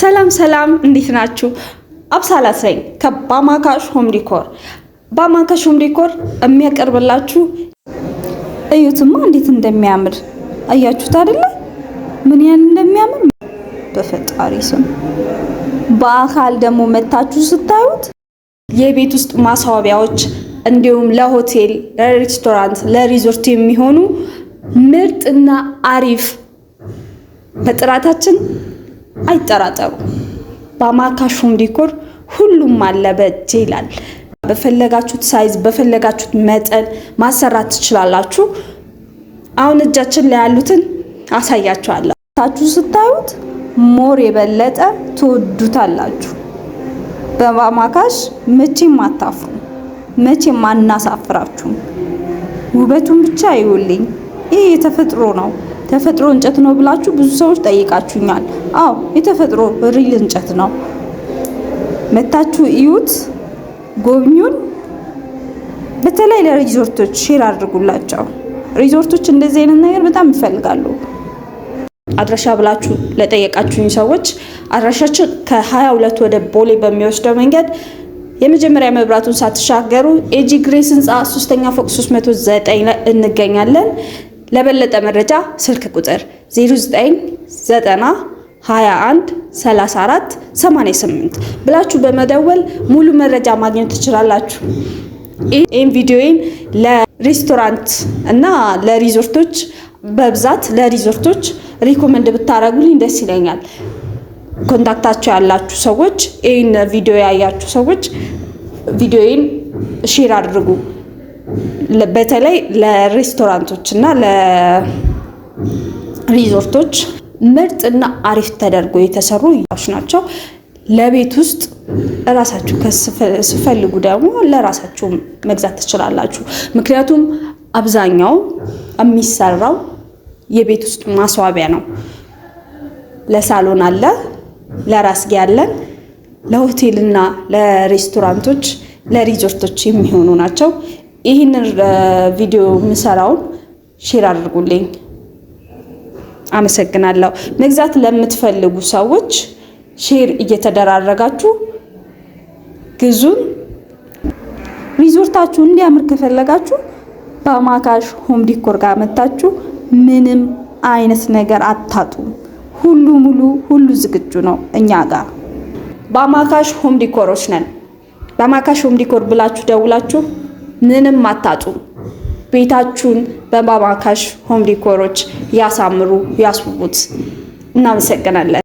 ሰላም ሰላም፣ እንዴት ናችሁ? አብሳላስ ነኝ ከባማካሽ ሆም ዲኮር። ባማካሽ ሆም ዲኮር የሚያቀርብላችሁ እዩትማ፣ እንዴት እንደሚያምር አያችሁት አይደለ? ምን ያህል እንደሚያምር በፈጣሪ ስም። በአካል ደግሞ መታችሁ ስታዩት የቤት ውስጥ ማስዋቢያዎች እንዲሁም ለሆቴል፣ ለሬስቶራንት፣ ለሪዞርት የሚሆኑ ምርጥና አሪፍ በጥራታችን አይጠራጠሩ። በአማካሹም ዲኮር ሁሉም አለ በእጄ ይላል። በፈለጋችሁት ሳይዝ በፈለጋችሁት መጠን ማሰራት ትችላላችሁ። አሁን እጃችን ላይ ያሉትን አሳያችኋለሁ። ታችሁ ስታዩት ሞር የበለጠ ትወዱታላችሁ። በማካሽ መቼም አታፍሩ መቼም አናሳፍራችሁም። ውበቱን ብቻ ይውልኝ ይህ የተፈጥሮ ነው ተፈጥሮ እንጨት ነው ብላችሁ ብዙ ሰዎች ጠይቃችሁኛል። አዎ የተፈጥሮ ሪል እንጨት ነው። መታችሁ እዩት፣ ጎብኙን። በተለይ ለሪዞርቶች ሼር አድርጉላቸው። ሪዞርቶች እንደዚህ አይነት ነገር በጣም ይፈልጋሉ። አድራሻ ብላችሁ ለጠየቃችሁኝ ሰዎች አድራሻችን ከሀያ ሁለት ወደ ቦሌ በሚወስደው መንገድ የመጀመሪያ መብራቱን ሳትሻገሩ ኤጂ ግሬስ ህንፃ ሶስተኛ ፎቅ 309 ላይ እንገኛለን። ለበለጠ መረጃ ስልክ ቁጥር 0990 21 34 88 ብላችሁ በመደወል ሙሉ መረጃ ማግኘት ትችላላችሁ። ይህም ቪዲዮን ለሬስቶራንት እና ለሪዞርቶች በብዛት ለሪዞርቶች ሪኮመንድ ብታደርጉልኝ ደስ ይለኛል። ኮንታክታቸው ያላችሁ ሰዎች ይህን ቪዲዮ ያያችሁ ሰዎች ቪዲዮን ሼር አድርጉ። በተለይ ለሬስቶራንቶች እና ለሪዞርቶች ምርጥ እና አሪፍ ተደርጎ የተሰሩ እቃዎች ናቸው። ለቤት ውስጥ እራሳችሁ ስፈልጉ ደግሞ ለራሳችሁ መግዛት ትችላላችሁ። ምክንያቱም አብዛኛው የሚሰራው የቤት ውስጥ ማስዋቢያ ነው። ለሳሎን አለ፣ ለራስጌ አለን። ለሆቴልና ለሬስቶራንቶች ለሪዞርቶች የሚሆኑ ናቸው። ይህንን ቪዲዮ የምሰራውን ሼር አድርጉልኝ። አመሰግናለሁ። መግዛት ለምትፈልጉ ሰዎች ሼር እየተደራረጋችሁ ግዙን። ሪዞርታችሁ እንዲያምር ከፈለጋችሁ በአማካሽ ሆም ዲኮር ጋር መታችሁ ምንም አይነት ነገር አታጡም። ሁሉ ሙሉ፣ ሁሉ ዝግጁ ነው እኛ ጋር። በአማካሽ ሆም ዲኮሮች ነን። በአማካሽ ሆም ዲኮር ብላችሁ ደውላችሁ ምንም አታጡም። ቤታችሁን በማማካሽ ሆም ዲኮሮች ያሳምሩ፣ ያስውቡት። እናመሰግናለን።